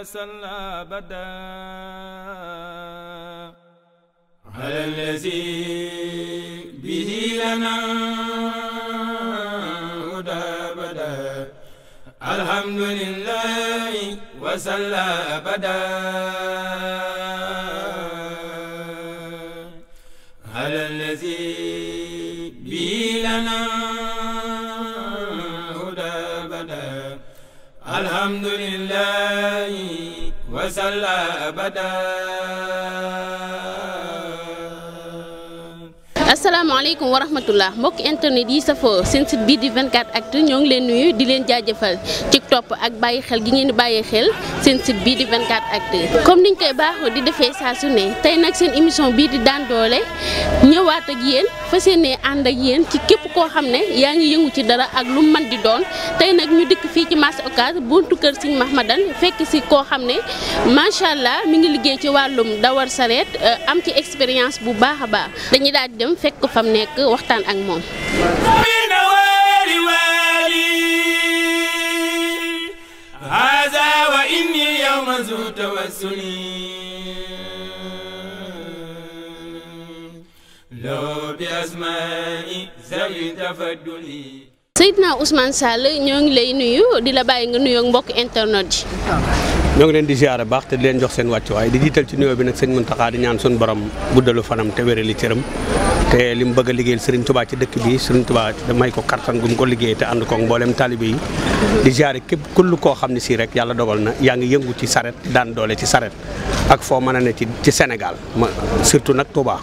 وسل أبدا على الذي به لنا هدى أبدا الحمد لله وسل أبدا la abada asalaamaaleykum wa rahmatullah mbokk internet yi safoo seen site bii di 24actu ñoo ngi leen nuyu di leen jaajëfal ci topp ak bàyyi xel gi ngeen di bàyyi xel seen site bii di 24actu comme niñ koy baaxoo di defee saa su ne tey nag seen émission bii di daan doole ñëwaat ak yéen fa yéenee ànd ak yéen ci képp koo xam ne yaa ngi yëngu ci dara ak lu man di doon tey nag ñu dikk fii ci marché Ocass buntu kër Sëñ Mahmadan fekk si koo xam ne macha allah mi ngi liggéey ci wàllum dawar sareet euh, am ci expérience bu baax a baax nekk waxtaan ak moom. Seydina Ousmane Sall ñoo ngi lay nuyu di la bàyyi nga nuyoog mbokk internet yi. ñoo ngi leen di ziare baax te di leen jox seen wàccuwaay di jiital ci nuyoo bi nag sëñ Muntaxa di ñaan suñu borom guddalu fanam te li cëram te li mu bëgg a liggéeyal Serigne Touba ci dëkk bi Serigne Touba may ko kartan gu ko liggéey te ànd koog mboolem talibe di ziare képp kull koo xam ne sii rek yàlla dogal na yaa ngi yëngu ci saret daan doole ci saret ak foo mën a ne ci ci Sénégal surtout nag Touba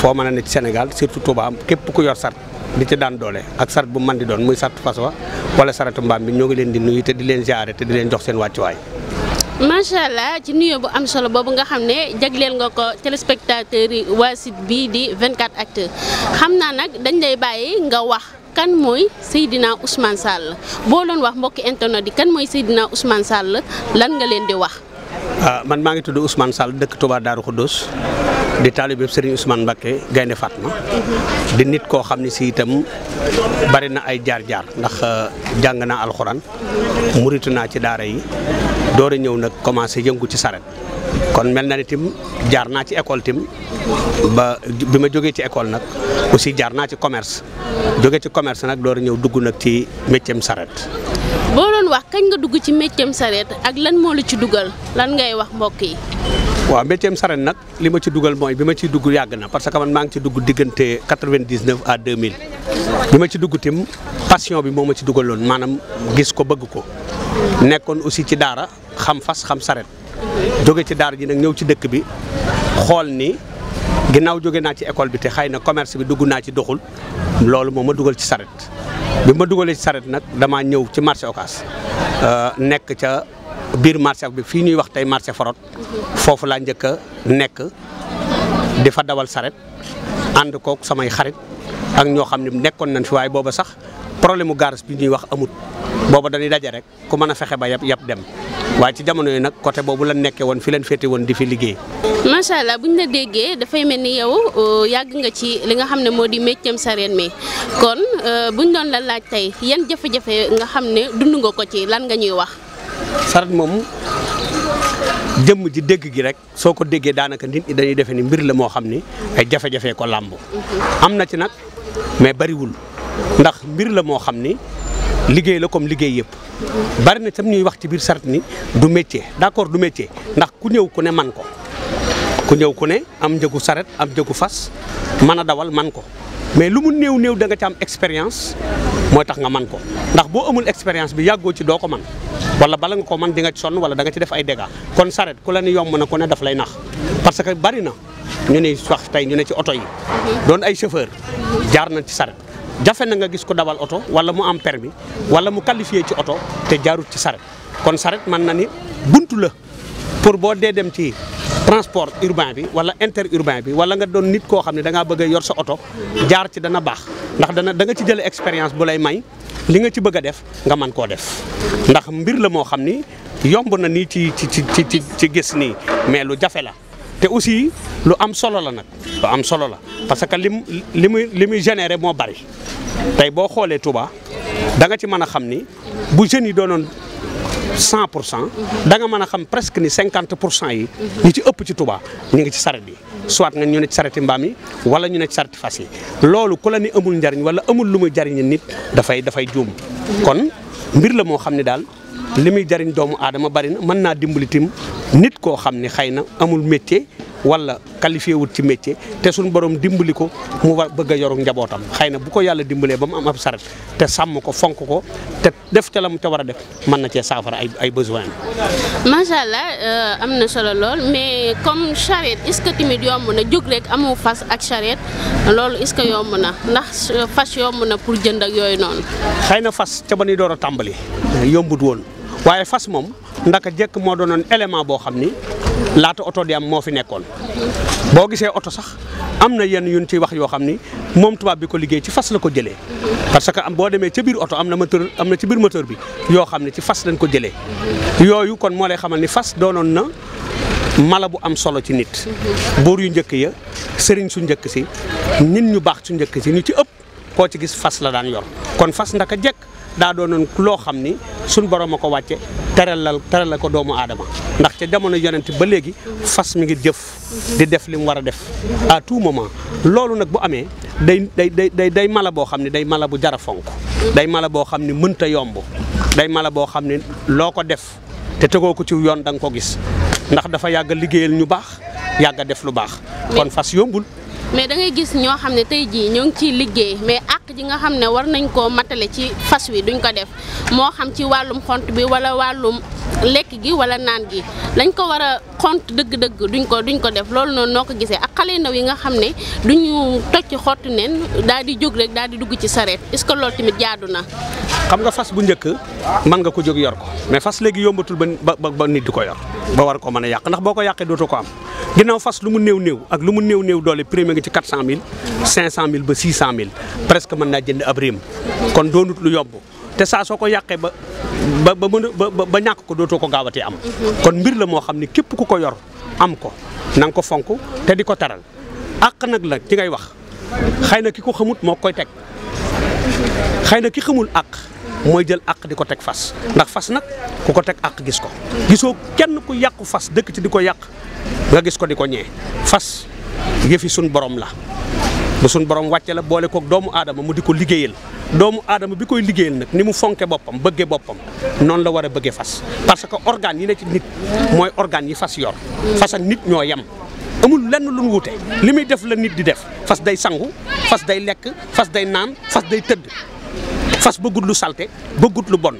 foo mën a ne ci Sénégal surtout Touba képp ku yor saret di ci daan doole ak saret bu mën di doon muy saretu fas wa wala saretu mbaam bi ñoo ngi leen di nuyu te di leen ziare te di leen jox seen wàccuwaay macha allah ci nuyoo bu am solo boobu nga xam ne jagleel nga ko téléspectateur yi waa site bii di 24actu xam naa nag dañ lay bàyyi nga wax kan mooy Seydina Ousmane Sall boo doon wax mbokki internet yi kan mooy dina Ousmane Sall lan nga leen di wax. Ah, man maa ngi tudd Ousmane Sall dëkk Touba ko Khoudoss di taalibe Serigne Ousmane Mbacké Gaynde Fatma di nit koo xam ne si itam bari na ay jaar-jaar ndax euh, jàng naa alxuraan muritu naa ci daara yi door a ñëw nag commencé yëngu ci saret kon mel na ni tim jaar naa ci école tim ba bi ma jógee ci école nag aussi jaar naa ci commerce jógee ci commerce nag door a ñëw dugg nag ci métiem saret boo doon wax kañ nga dugg ci métiem saret ak lan moo la ci dugal lan ngay wax mbokk yi waaw métier saret nag li ma ci dugal mooy bi ma ciy dugg yàgg na parce que man maa ngi ci dugg diggante 99 à 2000 bi ma ci dugg tim passion bi moo ma ci dugaloon maanaam gis ko bëgg ko nekkoon aussi ci daara xam fas xam saret jóge ci daara ji nag ñëw ci dëkk bi xool ni ginnaaw jóge naa ci école bi te xay na commerce bi dugg naa ci doxul loolu moo ma dugal ci saret bi ma dugalee ci saret nag damaa ñëw ci marché Ocass euh, nekk ca. biir marché bi fii ñuy wax tey marché forot foofu laa njëkk a nekk di fa dawal saret ànd kook samay xarit ak ñoo xam ne nekkoon nañ fi waaye booba sax problème mu garage ñuy wax amut booba dañuy daje rek ku mën a fexe ba yab yab dem waaye jamono yi nag côté boobu la nekkee woon fi leen féete woon di fi liggéey. macha allah bu ñu la déggee dafay mel ni yow euh, yàgg nga ci li nga xam ne moo di méccam sareen mi kon euh, bu ñu doon la laaj tey yan jafe-jafe nga xam ne dund nga ko ci lan nga ñuy wax. saret moom jëmm ji dégg gi rek soo ko déggee daanaka nit ñi dañuy defee ni mbir la moo xam ni ay jafe-jafe ko làmb am na ci nag mais bariwul ndax mbir la moo xam ni liggéey la comme liggéey yëpp bari na tam ñuy wax ci biir sart ni du métier d'accord du métier ndax ku ñëw ku ne man ko ku ñëw ku ne am njëgu saret am njëgu fas mën a dawal man ko mais lu mu néew néew da nga ci am expérience mooy tax nga man ko ndax boo amul expérience bi yàggoo ci doo ko man wala bala nga ko man di nga ci sonn wala da nga ci def ay dégâts kon saret ku la ni yomb na ku ne daf lay nax parce que bari na ñu ne wax tey ñu ne ci oto yi mhm. doon ay chauffeur jaar nañ ci saret jafe na nga gis ko dawal oto wala mu am permis wala mu qualifié ci oto te jaarut ci saret kon saret man na ni buntu la pour boo dee dem ci transport urbain bi wala interurbain bi wala nga doon nit koo xam ne da ngaa bëgg a yor sa oto jaar ci dana baax ndax dana da nga ci jëlee expérience bu lay may li nga ci bëgg a def nga mën koo def ndax mbir la moo xam ni yomb na nii ci ci ci ci ci gis nii mais lu jafe la te aussi lu am solo la nag lu am solo la parce que lim li muy li muy généré moo bari tey boo xoolee Touba da nga ci mën a xam ni bu jeunes yi doonoon cent pour cent da nga mën a xam presque ni cinquante pour cent yi ñu ci ëpp ci Touba ñu ngi ci saret bi soit nga ñu ne ci sareti mbaam yi wala ñu ne ci sareti fas yi loolu ku la ni amul njariñ wala amul lu muy jariñ nit dafay dafay juum kon mbir la moo xam ne daal li muy jariñ doomu aadama bari na mën naa dimbali tim nit koo xam ne xëy na amul métier wala qualifié wut ci métier te suñ borom dimbali ko mu war bëgg a yoru njabootam xëy na bu ko yàlla dimbalee ba mu am ab saret te sàmm ko fonk ko te def ca la mu ca war a def mën na cee saafara ay ay besoin macha allah euh, am na solo lool mais comme charette est ce que tamit yomb na amoo fas ak loolu est ce que yomb na ndax euh, fas yomb na pour jënd ak yooyu noonu. xëy na fas ca ba ni door a tàmbali yombut woon. waaye fas moom ndaka jekk moo doonoon élément boo xam ni laata oto di am moo fi nekkoon boo gisee oto sax am na yenn yuñ ciy wax yoo xam ni moom tubaab bi ko liggéey ci fas la ko jëlee parce que boo demee ca biir oto am na moteur am na ci biir bi yoo xam ne ci fas lañ ko jëlee yooyu kon moo lay xamal ni fas doonoon na mala bu am solo ci nit buur yu njëkk ya sëriñ su njëkk si nit ñu baax su njëkk si ñu ci ëpp koo ci gis fas la daan yor kon fas ndaka jëkk daa doonoon loo xam ni suñ borom a ko wàcce teralal la ko doomu aadama ndax ca jamono yonent ba léegi fas mi ngi jëf di def li mu war a def à tout moment loolu nag bu amee day day day day mala boo xam ne day mala bu jara fonk day mala boo xam ne mënta yomb day mala boo xam ne loo ko def te tegoo ko ci yoon da nga ko gis ndax dafa yàgg liggéeyal ñu baax yàgg def lu baax kon fas yombul mais da ngay gis ñoo xam ne tey jii ñoo ngi ciy liggéey mais àq ji nga xam ne war nañ koo matale ci fas wi duñ ko def moo xam ci wàllum xont bi wala wàllum lekk gi wala naan gi lañ ko war a xont dëgg-dëgg duñ ko duñ ko def loolu noonu noo ko gisee ak xale ndaw yi nga xam ne duñu tocc xottu neen daal di jóg rek daal di dugg ci sareet est-ce que loolu tamit jaadu na. xam nga fas bu njëkk mën nga ko jóg yor ko mais fas léegi yombatul ba ba ba nit ko yor ba war ko mën a yàq ndax boo ko yàqee dootoo ko am. ginnaaw fas lu mu néew néew ak lu mu néew néew doole prix mi ngi ci 400000 500000 ba 600000 presque mën naa jënd ab réem kon doonut lu yomb te saa soo ko yàqee ba ba ba mën ba ba ñàkk ko dootoo ko gaawatee am kon mbir la moo xam ne képp ku ko yor am ko na ko fonk te di ko taral àq nag la ci ngay wax xëy na ki ko xamut moo koy teg xëy na ki xamul àq mooy jël àq di ko teg fas ndax fas nag ku ko teg àq gis ko gisoo kenn ku yàqu fas dëkk ci di ko yàq nga gis ko di ko ñee fas yëfi suñ borom la bu suñ borom wàcce la boole kook doomu aadama mu di ko liggéeyal doomu aadama bi koy liggéeyal nag ni mu fonke boppam bëgge boppam noonu la war a bëgge fas parce que organes yi ne ci nit mooy organes yi fas yor fas nit ñoo yam amul lenn lu mu wute li muy def la nit di def fas day sangu fas day lekk fas day naan fas day tëdd fas bëggut lu salte bëggut lu bon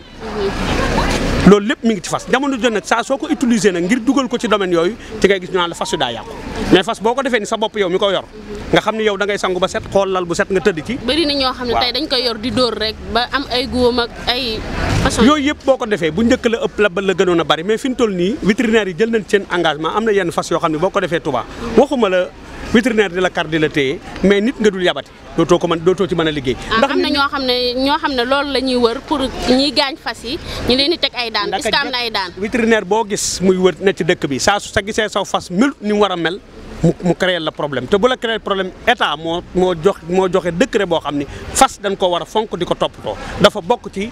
loolu lépp mi ngi ci fas jamono jot nag saa soo ko utiliser nag ngir dugal ko ci domaine yooyu ci ngay gis ñu naan la fas yu daa yàqu mais fas boo ko defee ni sa bopp yow mi ko yor nga xam ne yow da sangu ba set xool lal bu set nga tëdd ci bëri ñoo xam ne tey dañ koy yor di dóor rek ba am ay góom ak ay façon yooyu yëpp boo ko defee bu njëkk la ëpp la ba la gënoon a bari mais fi ñu toll nii vétérinaire yi jël nañ seen engagement am na yenn fas yoo ne boo ko defee Touba vétérinaire di la carte di la téye mais nit nga dul yabati dootoo ko mën dootoo ci mën a liggéey. Ah, ndax am na ñoo xam ne ñoo xam ne loolu la ñuy wër pour ñiy gaañ fas yi ñu leen di teg ay daan. est-ce que am na ay daan vétérinaire boo gis muy wër na ci dëkk bi saa su sa gisee saw fas mu ni mu war a mel. mu mu la problème te bu la créer problème état moo moo jox moo joxe décret boo xam ni fas dañ koo war a fonk di ko toppatoo dafa bokk ci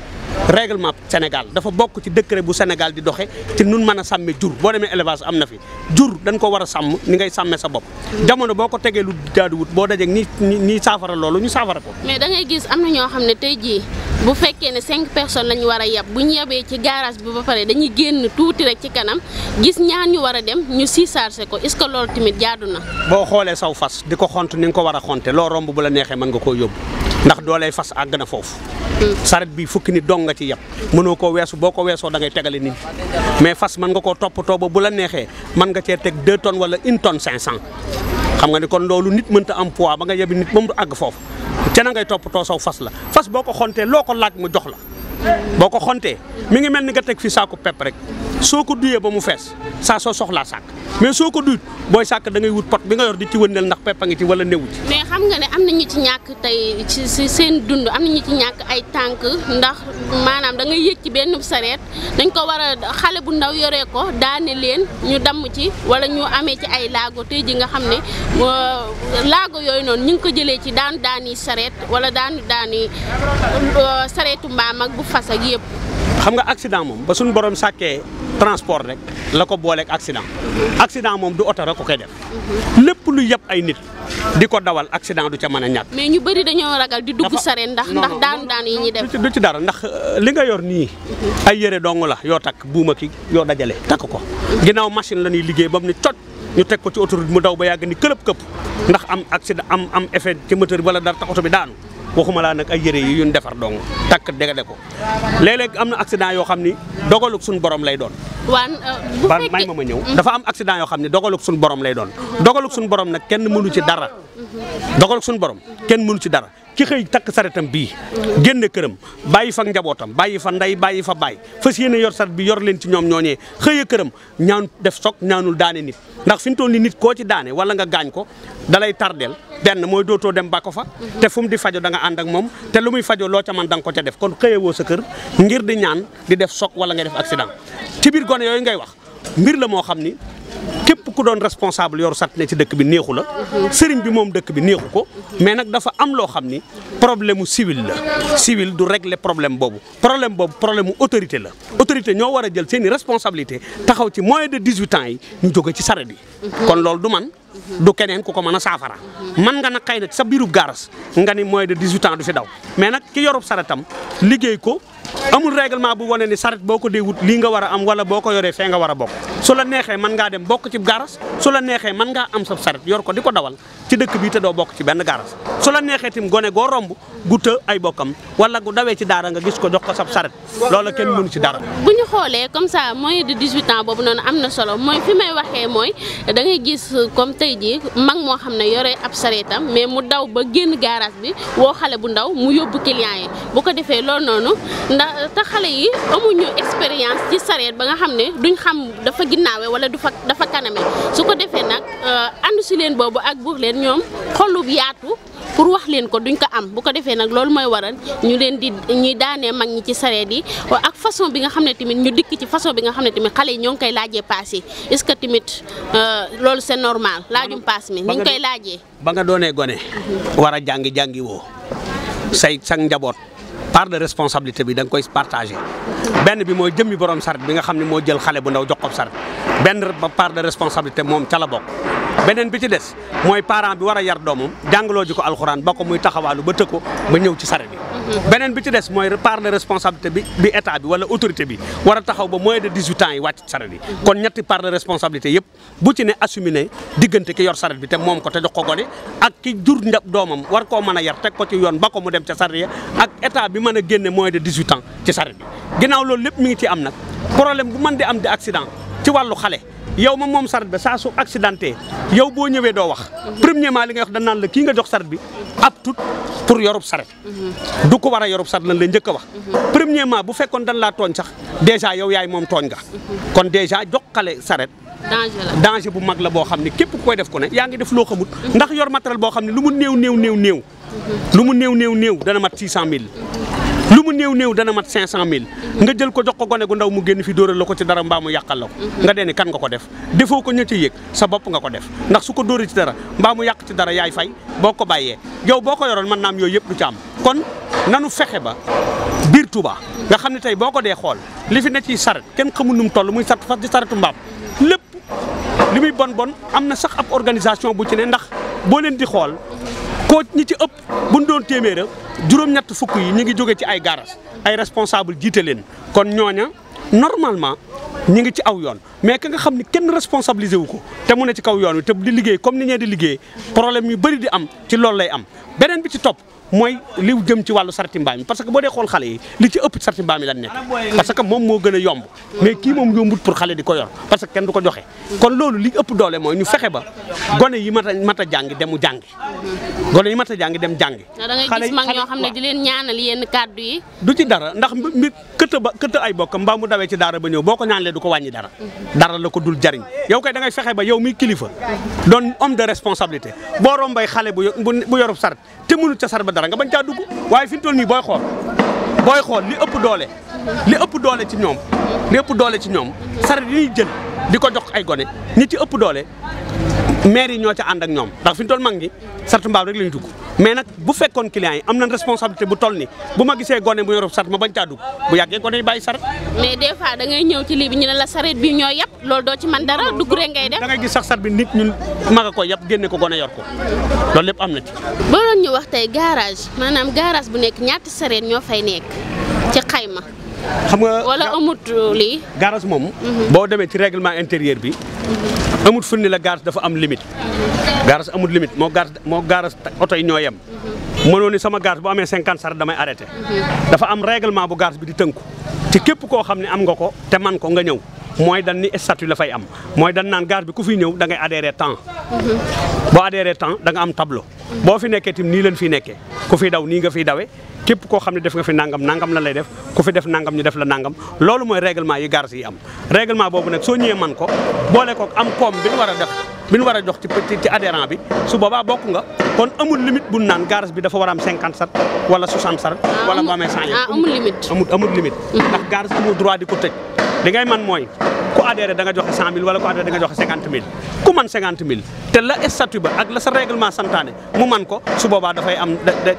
règlement Sénégal dafa bokk ci décret bu Sénégal di doxe ci nun mën a sàmme jur boo demee élevage am na fi jur dañ ko war a sàmm ni ngay sàmme sa bopp jamono boo ko tegee lu jaaduwut boo dajeg ni ni saafara loolu ñu saafara ko mais dangay gis am na ñoo xam ne tey jii bu fekkee ne cinq personnes lañu war a yab bu ñu yabee ci garage bi ba pare dañuy génn tuuti rek ci kanam gis ñaan ñu war a dem ñu si chargé ko est-ce que loolu tamit jaadu na boo xoolee saw fas di ko xont ni nga ko war a xonte loo romb bu la neexee mën nga koo yóbbu ndax dooley fas àgg na foofu saret bi fukki ni dong nga ci yàpp mënoo koo weesu boo ko weesoo dangay ngay tegale nit mais fas mën nga koo toppatoo ba bu la neexee mën nga cee teg deux tonnes wala une tonne cinq cent xam nga ni kon loolu nit mënta am poids ba nga yebi nit ba mu àgg foofu ca na ngay toppatoo saw fas la fas boo ko xontee loo ko laaj mu jox la boo ko xontee mi ngi mel ni nga teg fi saako pepp rek soo ko duyee ba mu fees saa soo soxlaa sàkk mais soo ko duyut booy sàkk da ngay wut pot bi nga yor di ci wëndeel ndax peppa ngi ci wala néewu ci. mais xam nga ne am na ñu ci ñàkk tey ci seen dund am na ñu ci ñàkk ay tànk ndax maanaam da ngay yëg ci benn sareet dañ ko war a xale bu ndaw yoree ko daane leen ñu damm ci wala ñu amee ci ay laago tey ji nga xam ne euh, laago yooyu noonu ñu ngi ko jëlee ci daan daani sareet wala daanu daani euh, sareetu mbaam ak bu fas yëpp. xam nga accident moom ba suñu borom sàkkee transport rek la ko booleeg accident accident moom du oto rek ko koy def lépp lu yëpp ay nit di ko dawal accident du ca mën a ñàkk. mais ñu bëri dañoo ragal di dugg saree ndax ndax daan daan yi ñuy def. du ci dara ndax euh, li nga yor nii mhm. ay yére dong la yoo takk buuma ki yoo dajale takk ko ginnaaw machine la ñuy liggéey ba mu ne cocc ñu teg ko ci autoroute mu daw ba yàgg ni këlëb këpp ndax am accident am am effet ci moteur wala dara bi daanu. waxuma laa nag ay yére yi yuñ defar dong takk dégale ko léeg am na accident yoo xam ni dogaluk suñu borom lay doon. waaw euh, bu may ma ma ñëw. dafa am accident yoo xam ne dogaluk suñu borom lay doon. dogaluk suñu borom nag kenn mënu ci dara. Mm-hmm. dogaluk suñu borom kenn munu ci dara. ki xëy takk saretam bii génne këram bàyyi fa njabootam bàyyi fa ndey bàyyi fa baay fas yéene yor saret bi yor leen ci ñoom ñooñee xëy a këram ñaan def soog ñaanul daane nit ndax fi mu toll ni nit koo ci daane wala nga gaañ ko dalay tardeel benn mooy dootoo dem ba ko fa te fu di fajo da nga ànd ak moom te lu muy fajo loo ca man da nga ko ca def kon xëyewoo sa kër ngir di ñaan di def soog wala nga def accident ci biir gone yooyu ngay wax mbir la moo xam ni képp ku doon responsable yoru sat ne ci dëkk bi neexu la sëriñ bi moom dëkk bi neexu ko mais nag dafa am loo xam ni problème mu civil la civil du régler problème boobu problème boobu problème mu autorité la autorité ñoo war a jël seen i responsabilité taxaw ci moins de 18 ans yi ñu jóge ci sare yi kon loolu du man du keneen ku ko mën a saafara man nga na xëy na sa biiru garas nga ni moins de 18 ans du si daw mais nag ki yorub saretam liggéey ko amul règlement bu wane ni saret boo ko dee wut lii nga war a am wala boo ko yoree fee nga war a bokk su la neexee mën ngaa dem bokk ci garas su la neexee man ngaa am sa saret yor ko di ko dawal ci dëkk bi te doo bokk ci benn garas su la neexee tim gone goo romb gu të ay bokkam wala gu dawee ci daara nga gis ko jox ko sab saret loola kenn mënu ci dara bu ñu xoolee comme sa mooy de 18 ans boobu noonu am na solo mooy fi may waxee mooy da gis comme tey jii mag moo xam ne yore ab saretam mais mu daw ba génn garas bi woo xale bu ndaw mu yóbbu client yi bu ko defee loolu noonu ndax te xale yi amuñu expérience ci sareet ba nga xam ne duñ xam dafa ginnaawe wala du fa dafa kaname su ko defee nag euh, ànd si leen boobu ak buur leen ñoom xolub yaatu pour wax leen ko duñ ko am bu ko defee nag loolu mooy waral ñu leen di ñuy daanee mag ñi ci sareet yi ak façon bi nga xam ne tamit ñu dikk ci façon bi nga xam ne tamit xale yi ñoo ngi koy laajee paas yi ce que tamit euh, loolu see normal laajum paas mi ni ñu koy laajee ba nga doonee gone war a jàngi jàngi woo say sang njaboot part de responsabilité bi da koy partagé benn bi mooy jëmmi borom saret bi nga xam ne moo jël xale bu ndaw jox ko saret benn part de responsabilité moom ca la bokk beneen bi ci des mooy parent bi war a yar doomam jàngaloo ji ko alxuraan ba ko muy taxawaalu ba tëkko ba ñëw ci sare bi mhm. beneen bi ci des mooy part de responsabilité bi bi état bi wala autorité bi war a taxaw ba moins de 18 ans yi wàcc saret bi mhm. kon ñetti part de responsabilité yëpp bu ci ne assumé ne diggante ki yor saret bi te moom ko te jox ko gone ak ki jur doomam war koo mën a yar teg ko ci yoon ba ko mu dem ca saret ya ak état bi mën a génne moins de 18 ans ci saret bi ginnaaw lépp mi ngi ci am nag problème bu mën di am di accident ci wàllu xale yow ma moom saret bi saa su accidenté yow boo ñëwee doo wax premièrement li ngay wax dañ naan la kii nga jox saret bi ab tout pour yorub saret mhm. du ko war a yorub saret lan la njëkk wax mhm. premièrement bu fekkoon dañ laa tooñ sax dèjà yow yaay moom tooñ nga mhm. kon dèjà jox kale saret danger la bu mag la boo xam ne képp ku koy def ku ne yaa ngi def loo xamut ndax yor matériel boo xam ne lu mu néew néew néew néew lu mu néew néew néew dana mat six cent mille lu mu néew néew dana mat 500000. nga jël ko jox ko gone gu ndaw mu génn fi dóoral la ko ci dara mbaa mu yàqal la ko. Mhm. nga dee ni kan nga ko def defoo ko ña ca yëg sa bopp nga ko def ndax su ko dóoree ci dara mbaa mu yàq ci dara yaay fay boo ko bàyyee yow boo ko yoroon man mën am yooyu yëpp du ci am kon nanu fexe ba biir Touba nga xam ne tey boo ko dee xool li fi ne ci saret kenn xamul nu mu toll muy sart fas di saretu mbaam lépp li muy bon bon am na sax ab organisation bu ci ne ndax boo leen di xool ko ñi ci ëpp bu ñu doon téeméer juróom-ñett fukk yi ñu ngi jóge ci ay garas ay responsable jiite leen kon ñooña normalement ñi ngi ci aw yoon mais ka nga xam ni kenn responsabilisé wu ko te mu ne ci kaw yoon wi te di liggéey comme ni ñee di liggéey problème yu bëri di am ci lool lay am beneen bi ci topp mooy li jëm ci wàllu sarti mbaam yi parce que boo dee xool xale yi li ci ëpp sarti mbaam yi lan nekk parce que moom moo gën a yomb mais kii moom yombut pour xale di ko yor parce que kenn du ko joxe kon loolu li ëpp doole mooy ñu fexe ba gone yi mat a mat a jàngi demu jàngi gone yi mat a jàngi dem jàngi ah, xale yi mag ñoo xam ne di leen ñaanal yenn kàddu yi du ci dara ndax mbir këtt ba këtt ay bokk mbaa mu dawee ci daara ba ñëw boo ko ñaanalee du ko wàññi dara dara la ko dul jariñ yow koy dangay fexe ba yow muy kilifa doon homme de responsabilité boo rombay xale bu bu yorub saret te mënut ca saret ba dara nga bañ caa dugg waaye fi toll nii booy xool booy xool li ëpp doole li ëpp doole ci ñoom li ëpp doole ci ñoom saret yi ñuy jël di ko jox ay gone ñi ci ëpp doole maire yi ñoo ca ànd ak ñoom ndax fi ñu toll mag ñi sartu mbaam rek la ñu dugg mais nag bu fekkoon client yi am nañ responsabilité bu toll ni bu ma gisee gone bu yorob sart ma bañ caa dugg bu yàggee gone yi bàyyi sart mais des fois da ñëw ci lii bi ñu ne la saret bi ñoo yàpp loolu doo ci mën dara dugg rek ngay def da gis sax sart bi nit ñun mag a ko yàpp génne ko gone yor ko loolu lépp am na ci boo doon ñu wax tey garage maanaam garage bu nekk ñaata saret ñoo fay nekk ci xayma xam nga wala amut euh, lii. garage moom. Mhm. boo demee ci règlement intérieur bi. Mhm. amut fu ni la garage dafa am limite. Mhm. garage amut limite moo garage moo garage oto yi ñoo yem. mënoo ni sama garage boo amee cinquante saret damay arrêté. dafa am règlement bu garage bi di tënku. ci képp koo xam ne am nga ko te man ko nga ñëw. mooy dan ni statut la fay am mooy dan naan gare bi ku fi ñëw da ngay adhéré temps boo adhéré temps danga am tablo boo fi nekkee tim nii leen fi nekkee ku fi daw nii nga fiy dawe képp koo xam ne def nga fi nangam nangam la lay def ku fi def nangam ñu def la nangam loolu mooy règlement yi gare yi am règlement boobu nag soo ñëwee man ko boole ko am koom bi ñu war a def bi nu war a jox ci ci adhérent bi su boobaa bokk nga kon amul limite bu naan garage bi dafa war am cinquante sat wala soixante sat ah, wala mu amee cent ah, amul limite amul amul limite hmm. ndax garage amul droit di ko tëj li ngay man mooy adhéré da nga joxe 100000 wala ko adhéré da nga joxe 50000 ku man 50000 te la statut ba ak la sa règlement santaane mu man ko su boobaa dafay am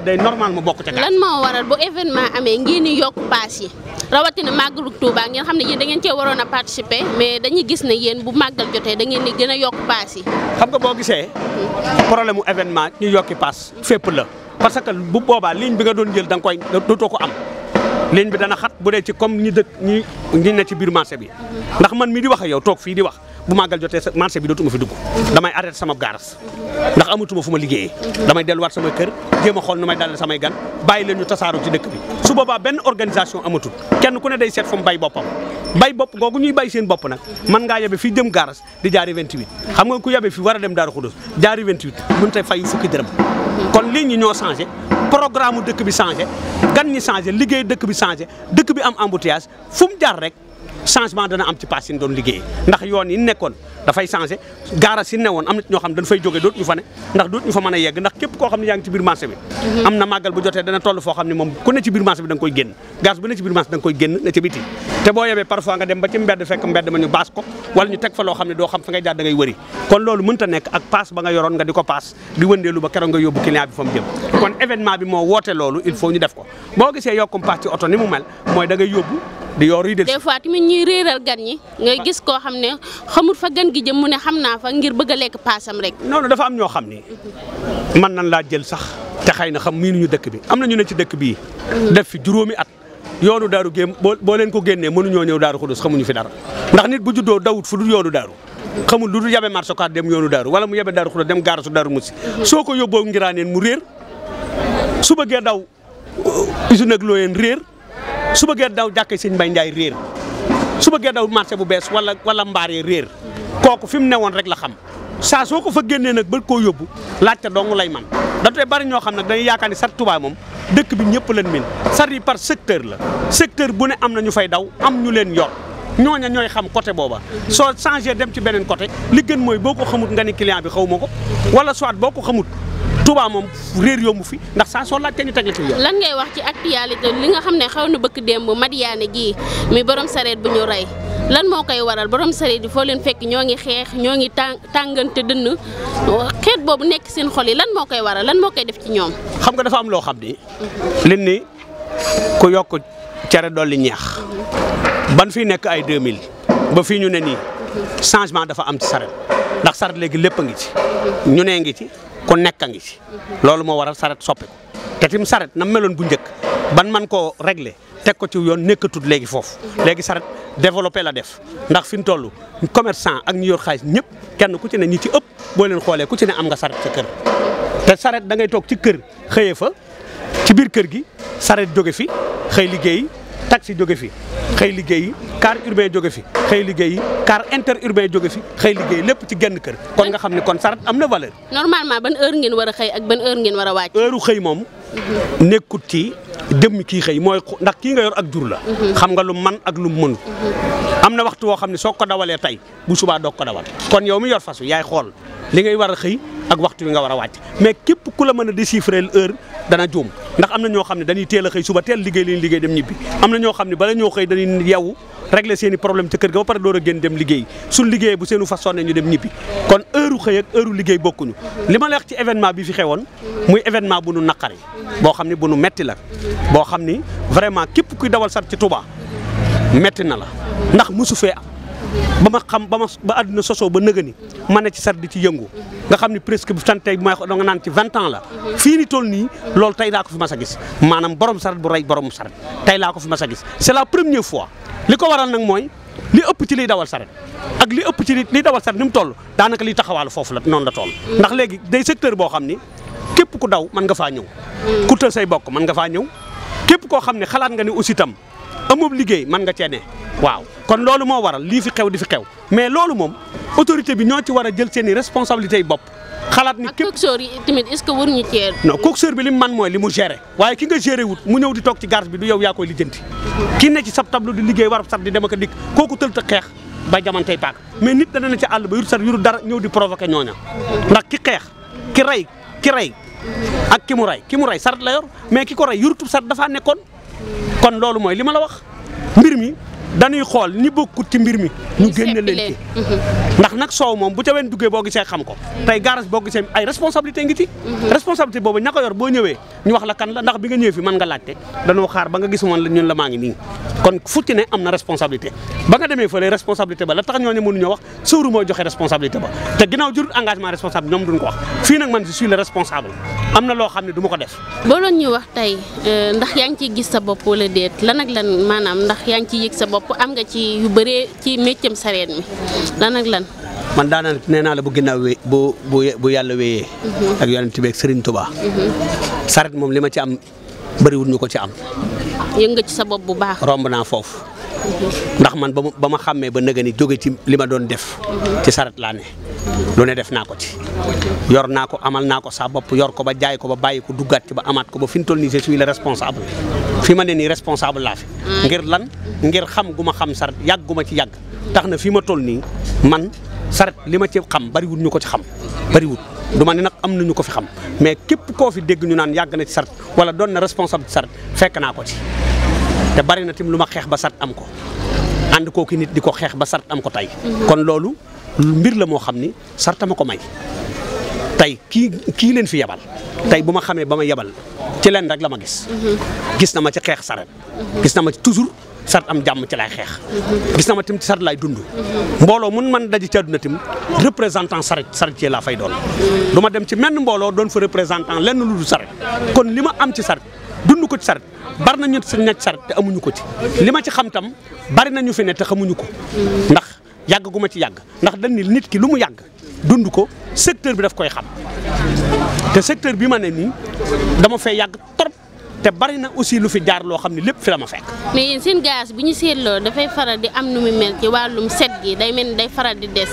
day normal mu bokk ca lan moo waral bu événement amee ngeen di yokk paas yi rawatina màggalu Touba ngeen xam ne yéen da ngeen cee waroon a participer mais dañuy gis ne yéen bu màggal jotee da ngeen di gën a yokk paas yi. xam nga boo gisee problème mu événement ñu yokki paas fépp la parce que bu boobaa ligne bi nga doon jël da nga koy dootoo ko am. ligne bi dana xat bu dee ci comme ñi dëkk ñi ñi ci biir marché bi ndax man mii di wax ak yow toog fii di wax bu màggal jotee marché bi dootuma fi dugg damay arrêté sama gaaras ndax amatuma fu ma liggéeyee damay delluwaat sama kër jéem a xool nu may dalal samay gan bàyyi leen tasaaroo ci dëkk bi su boobaa benn organisation amatul kenn ku ne day seet fu mu bay boppam bay bopp googu ñuy bay seen bopp nag man ngaa yabe fii jëm gaaras di jaari 28 xam nga ku yabe fi war a dem Daaru Xudus jaari 28 mënut a fay fukki dërëm kon lii programme dëkk bi changé gan ñi changé liggéey dëkk bi changé dëkk bi am embouteillage fu mu rek changement dana am ci paas yi ñu doon liggéey ndax yoon yi nekkoon dafay changé gaara si ne woon am na ñoo xam dañ fay jógee dootuñu fa ne ndax dootuñu fa mën a yegg ndax képp koo xam ne yaa ngi ci biir marché bi mhm. am na màggal bu jotee dana toll foo xam ne moom ku ne ci biir marché bi da nga koy génn gaas bu ne ci biir marché da nga koy génn ne ca biti te boo yebee ko wala ñu teg fa loo xam ne doo xam fa ngay jaar da wëri kon loolu mënta nekk ak paas ba nga yoroon nga di ko paas di wëndeelu ba keroog nga yóbbu client bi fa mu kon événement bi moo woote loolu il faut ñu def ko boo gisee yokkum paas ci oto ni mu mel di yoor yi del des fois tamit ñuy réeral gan ñi nga gis koo xam ne xamul fa gan gi jëm mu ne xam naa fa ngir bëgg a lekk paasam rek noonu dafa am ñoo xam ni man nan laa jël sax te xëy na xam nu ñu dëkk bi am na ñu ne ci dëkk bii def fi juróomi at yoonu daaru géem boo leen ko génnee mënuñoo ñëw daaru xudus xamuñu fi dara ndax nit bu juddoo dawut fu dul yoonu daaru xamul lu dul yabe marché kaat dem yoonu daaru wala mu yabe daaru xudus dem gaarasu daaru musi soo ko yóbboo ngiraaneen mu réer su bëggee daw uh, usine ak looyeen réer su bëggee daw jàkkee sëñ Mbay Njaay réer su bëggee daw marché bu bees wala wala mbaaree réer kooku fi mu woon rek la xam saa soo ko fa génnee nag ba koo yóbbu laajte dong lay man da tey bari ñoo xam nag dañuy yaakaar ni sar Touba moom dëkk bi ñëpp leen min sar yi par secteur la secteur bu ne am na ñu fay daw am ñu leen yor ñooña ñooy xam côté booba soo changé dem ci beneen côté li gën mooy boo ko xamut nga ni client bi xaw ma ko wala soit boo ko xamut Touba moom réer yombu fi ndax saa soo laajtee ñu teg la ci lan ngay wax ci actualité li nga xam ne xaw na bëgg démb Madiane gii mi boroom sareet bu ñu rey lan moo koy waral boroom sareet yi foo leen fekk ñoo ngi xeex ñoo ngi tàng tàngante dënn xeet boobu nekk seen xol yi lan moo koy waral lan moo koy def ci ñoom. xam nga dafa am loo xam ni. leen ni ku yokk cere dolli ñeex. ban fi nekk ay 2000 ba fii ñu ne nii changement dafa am ci sareet ndax sareet lépp a ngi ci ku nekk a ngi ci loolu moo waral saret soppi te tim saret na meloon bu njëkk ban man koo régler teg ko ci yoon nekkatut léegi foofu léegi saret développé la def ndax fi mu toll commerçant ak ñu yor xaalis ñëpp kenn ku ci ne ñi ci ëpp boo leen xoolee ku ci ne am nga saret sa kër te saret da ngay toog ci kër xëyee fa ci biir kër gi saret jóge fi xëy liggéey taxi jóge fi xëy liggéey car urbain jóge fi xëy liggéey car inter urbain jóge fi xëy liggéey lépp ci genn kër kon nga xam ne kon saret am na valeur normalement ban heure ngeen war a xëy ak ban heure ngeen war a wàcc heure xëy moom mhm. nekkut ci jëmm kii xëy mooy ndax kii nga yor ak jur la. Mhm. xam nga lu man ak lu mënut. Mhm. am na waxtu woo xam ne soo ko dawalee tey bu subaa doo ko dawal kon yow mi yor fas yaay xool li ngay war a xëy ak waxtu wi nga war a wàcc mais képp ku la mën a déchiffrer heure dana juum ndax am na ñoo xam ne dañuy teel a xëy suba teel liggéey li liggéey dem ñibbi am na ñoo xam ne bala ñoo xëy dañuy yeewu régler seen problème ci kër ga ba pare door a génn dem liggéey suñ liggéey bu seenu fas sonne ñu dem ñibbi kon heure xëy ak heure liggéey bokkuñu li ma la ci événement bi fi xewoon muy événement bu nu naqari boo xam ni bu nu metti la boo xam ni vraiment képp kuy dawal sat ci Touba metti na la ndax mosu fee am ba ma xam ba ma ba àdduna sosoo ba nëgëni ma ne ci sar di ci yëngu nga xam ni presque bu tantey bu may da nga naan ci vingt ans la fii ni toll nii loolu tey laa ko fi mas gis maanaam borom saret bu rey borom saret tey laa ko fi mas a gis c'est la première fois li ko waral nag mooy li ëpp ci liy dawal saret ak li ëpp ci liy dawal saret ni mu toll daanaka liy taxawaalu foofu la noonu la toll ndax léegi day secteur boo xam ni képp ku daw man nga faa ñëw ku tël say bokk mën nga faa ñëw képp koo xam ne xalaat nga ni aussi tam amoob liggéey man nga cee ne waaw kon loolu moo waral lii fi xew di fi xew mais loolu moom autorité bi ñoo ci war a jël seen i responsabilités yi bopp. xalaat ni képp ak coxeur yi que waruñu cee. non coxeur bi li mu man mooy li mu géré waaye ki nga géré wut mu ñëw di toog ci garage bi du yow yaa koy ki ne ci sab tableau di liggéey warab sab di dem ak dikk kooku tël ta xeex ba jamantey paak mais nit dana ne ci àll ba yur sat yuru dara ñëw di provoqué ñooña ndax ki xeex k rey ki rey ak ki mu rey ki mais ki ko rey yurutub dafaa nekkoon. kon loolu mooy li ma la wax mbir mi dañuy xool ni bokkut ci mbir mi ñu génne leen mhm. ndax nag soow moom bu ca wen duggee boo gisee xam ko tey garage boo gisee ay responsabilité ngi mhm. responsabilité boobu ña boo ñëwee ñu wax la kan la ndax bi nga ñëwee fi mën nga laajte dañoo xaar ba nga gis woon la ñun la maa ngi nii kon fu ne am na responsabilité ba nga demee fële responsabilité ba la tax ñooñu mënuñoo wax sëwru mooy joxe engagement responsable ñoom duñ ko wax fii nag man je suis le responsable am na loo xam ne du ma ko def boo doon ñu wax tey euh, ndax yaa ngi ciy bopp am nga ci yu bëree ci méccam sareet mi lan lan man daanaan nee naa la bu ginnaaw wé bu bu yàlla wéyee mhm. ak yonent bi ak Sëriñ tubaa mhm. sareet moom li ma ci am bëriwul ñu ko ci am yënga ci sa bopp bu baax romb naa foofu mhm. ndax man ba ma xamee ba nëga ni jóge ci li ma doon def ci sareet laa ne lu ne def naa ko ci yor naa ko amal naa ko sa bopp yor ko ba jaay ko ba bàyyi ko duggaat ci ba amaat ko ba fi mu toll nii je suis le responsable fii ma ne nii responsable laa fi. Mm. ngir lan ngir xam gu ma xam saret yàgg gu ma ci yàgg tax na fii ma toll nii man saret li ma ci xam bariwut ñu ko ci xam bariwut du ma ne nag am na ñu ko fi xam mais képp koo fi dégg ñu naan yàgg na ci saret wala doon na responsable saret fekk naa ko ci te bari na tim lu ma xeex ba saret am ko ànd kooku nit di ko xeex ba saret am ko tey mm-hmm. mbir la moo xam ni sarta ma ko may tey kii kii leen fi yabal tey bu ma xamee ba ma yabal ci leen rek la ma gis. gis na ma ci xeex saret gis na ma ci toujours sart am jàmm ci laay xeex. gis na ma tim ci sart laay dund. mbooloo mun man daji ci àdduna tim représentant saret saret laa fay doon. du ma dem ci menn mbooloo doon fa représentant lenn lu dul kon li ma am ci saret dund ko ci saret bar nañu ñett saret te amuñu ko ci li ma ci xam tam bari nañu fi ne te xamuñu ko ndax yàgg gu ma ci yàgg ndax dañ ni nit ki lu mu yàgg dund ko secteur bi daf koy xam te secteur bi ma ne nii dama fay yàgg trop te bari na aussi lu fi jaar loo xam ne lépp fi la ma fekk. mais yéen seen gaz bu ñu seetloo dafay faral di am nu mu mel ci wàllum set gi day mel ni day faral di des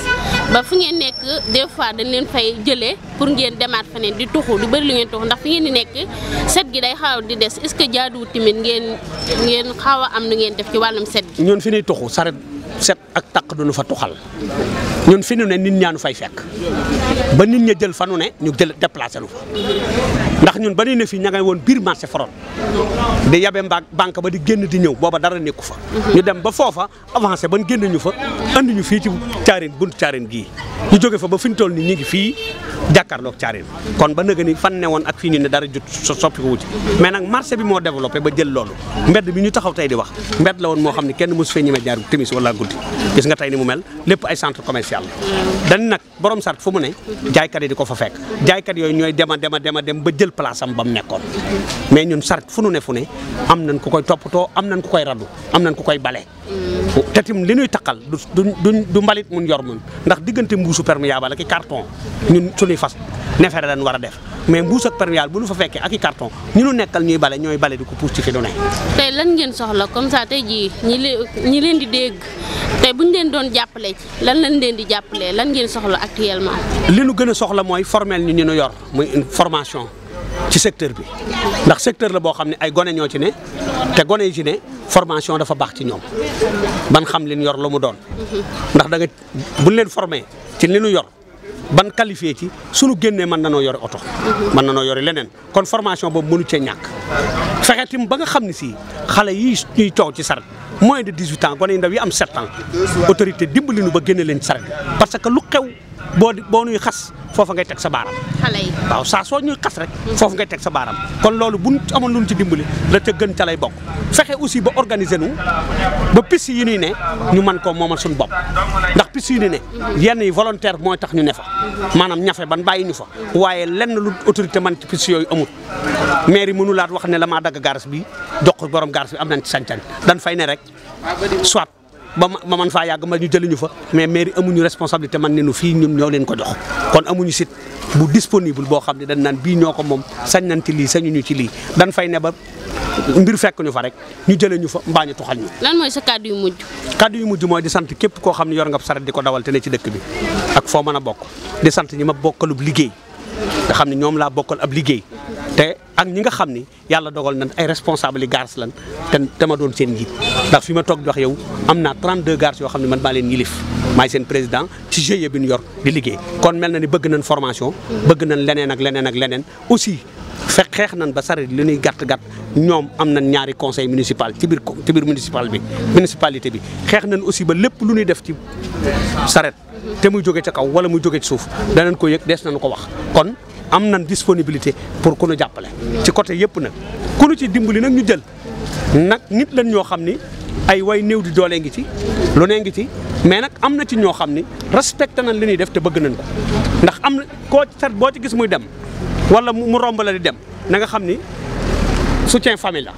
ba fu ngeen nekk des fois dañ leen fay jëlee pour ngeen demaat feneen di tuxu lu bëri lu ngeen tuxu ndax fi ngeen di nekk set gi day xaw di des est-ce que jaaduwul tamit ngeen ngeen xaw a am nu ngeen def ci wàllum set gi. ñoon fi ñuy tuxu saret set ak taq du nu fa tuxal ñun fi nu ne nit ñaanu fay fekk ba nit ña jël fa nu ñu jël déplacé nu fa ndax ñun ba nu ne fii ña ngay woon biir marché foron di yabe banque ba di génn di ñëw booba dara nekku fa ñu dem ba foofa avancé ban génn ñu fa andi ñu fii ci caarin buntu caarin gii ñu jóge fa ba fi ñu toll ni ñu ngi fii jàkkaarloog caarin kon ba nëga ni fan ne woon ak fii ñu ne dara jut soppi ko wuti mais nag marché bi moo développé ba jël loolu mbedd bi ñu taxaw tey di wax mbedd la gis nga tey ni mu mel lépp ay centre commercial la dañ nag borom sart fu mu ne jaaykat yi di ko fa fekk jaaykat yooyu ñooy dema dema dema dem ba jël place am ba mu nekkoon mais ñun sart fu nu ne fu ne am nañ ku koy toppatoo am nañ ku koy radu am nañ ku koy bale te tim li ñuy taqal du du mbalit mun yor mun ndax diggante mbuusu perméable ak i carton ñun suñuy fas nefere lañ war a def mais mbuus ak perméable bu ñu fa fekkee ak i carton ñu nu nekkal ñuy bale ñooy bale di ko puus ci fi du ne. lan ngeen soxla comme ça tey jii ñi leen ñi leen di dégg te bu ñu leen doon jàppale ci lan lañ leen di jàppalee lan ngeen soxla actuellement. li nu gën a soxla mooy formel ñu ñu yor muy une formation. ci secteur bi ndax secteur la boo xam ne ay gone ñoo ci ne te gone yi ci ne formation dafa baax ci ñoom ban xam leen yor la mu doon ndax danga bu leen formé ci li nu yor ban qualifié ci sunu génnee mën na noo yore oto mën na noo yore leneen kon formation boobu mënu cee ñàkk fexe tim ba nga xam ne si xale yi ñuy coow ci saret mooy de 18 ans gone yi ndaw yi am 7 ans autorité li nu ba génne leen ci saret parce que lu xew boo nuy xas foofa ngay teg sa baaraam waaw saa soo ñuy xas rek foofu ngay teg sa baaram kon loolu bu amoon luñ ci dimbali la ca gën lay bokk fexe aussi ba organiser nu ba piss yi ñuy ne ñu mën koo moomal suñu bopp ndax piste yi ñuy ne yenn yi volontaire mooy tax ñu ne fa maanaam ñafe ban bàyyi ñu fa waaye lenn lu autorité man ci piste yooyu amul maire yi mënulaat wax ne la maa dagg garas bi jox borom garas bi am nañ ci sañ-sañ dañ fay ne rek soit ba ma man faa yàgg ma ñu jëliñu fa mais mairie amuñu responsabilité man ne nu fii ñun ñoo leen ko jox kon amuñu sit bu disponible boo xam ne dañ naan bii ñoo ko moom sañ nañ ci lii sañuñu ci lii dañ fay ne ba mbir fekk ñu fa rek ñu jëlee ñu fa mbaa ñu tuxal ñu. lan mooy sa kàddu yu mujj. kàddu yu mujj mooy di sant képp koo xam ne yor nga saret di ko dawal te ne ci dëkk bi ak foo mën a bokk di sant ñi ma bokkalub liggéey nga xam ne ñoom laa bokkal ab liggéey te ak ñi nga xam ni yàlla dogal nañ ay responsable yi gaars lan te ma doon seen njiit ndax fi ma toog di yow am naa 32 gaars yoo xam ne man maa leen yilif maay seen président ci GIE bi ñu yor di liggéey kon mel na ni bëgg nañ formation bëgg nañ leneen ak leneen ak leneen aussi fekk xeex nañ ba saret li ñuy gàtt gat ñoom am na ñaari conseil municipal ci biir ci biir municipal bi municipalité bi xeex nañ aussi ba lépp lu ñuy def ci saret te muy jóge ca kaw wala muy jóge ci suuf danañ ko yëg des nañ ko wax am nañ disponibilité pour ku jàppale ci côté yëpp nag ku ci dimbali nag ñu jël nag nit lañ ñoo xam ni ay way néew di doole ngi ci lu nee ngi ci mais nag am na ci ñoo xam ni respecté nañ li ñuy def te bëgg nañ ko ndax am na koo ci boo ci gis muy dem wala mu romb la di dem na nga xam ni soutien famille la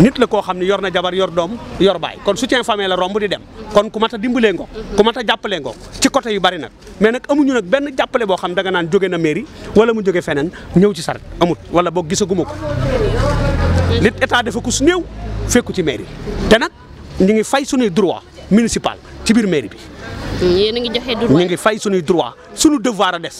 nit la koo xam ne yor na jabar yor doom yor baay kon soutien famille la romb di dem kon ku mat dimbalee ngoog ku mat jàppale ngoo ci côté yu bari nag mais nag amuñu nag benn jàppale boo xam da naan jóge na mairie wala mu jóge feneen ñëw ci saret amut wala boog gisaguma ko lit état dafa ko néew fekku ci mairie te nag ñu ngi fay suñuy droit municipal ci biir mairie bi. yéen a ngi joxe ñu ngi fay suñuy droit suñu devoir a des.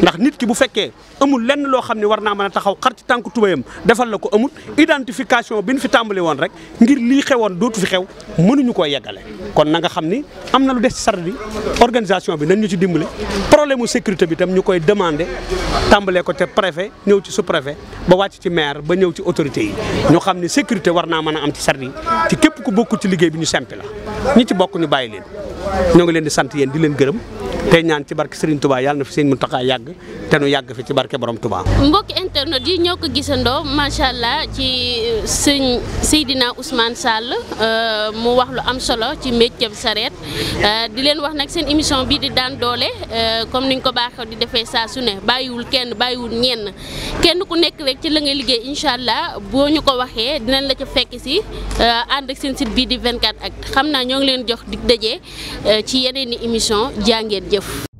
ndax nit ki bu fekkee amul lenn loo xam ne war naa mën a taxaw xar ci tànku tubéyam defal la ko amul identification bi ñu fi tàmbali woon rek ngir lii xewoon dootu fi xew mënuñu koo yeggale. kon nanga xam ni am na lu des ci organisation bi nañ ñu ci dimbali problème mu sécurité bi tam ñu koy demandé tàmbalee ko te préfet ñëw ci sous-préfet ba wàcc ci maire ba ñëw ci autorité yi ñu xam ne sécurité war naa mën a am ci sart yi ci képp ku bokk ci liggéey bi ñu sempi la. ñi ci bokk ñu bàyyi leen ñoo ngi leen di sant yéen di leen gërëm tey ñaan ci barke Serigne Touba yàlla na fi sëñ Mountakha yàgg te nu yàgg fi ci barke borom Touba. mbokk internet yi ñoo ko gisandoo macha allah ci euh, sëñ Seydina Ousmane Sall euh, mu wax lu am solo ci métier sareet euh, di leen wax nag seen émission bii di daan doole comme niñ ko baaxee di defee saa su ne bàyyiwul kenn bàyyiwul ñenn kenn ku nekk rek ci la ngay liggéey incha allah boo ñu ko waxee dinañ la ca fekk si ànd ak seen site bii di 24 ak xam naa ñoo ngi jox i émission jëf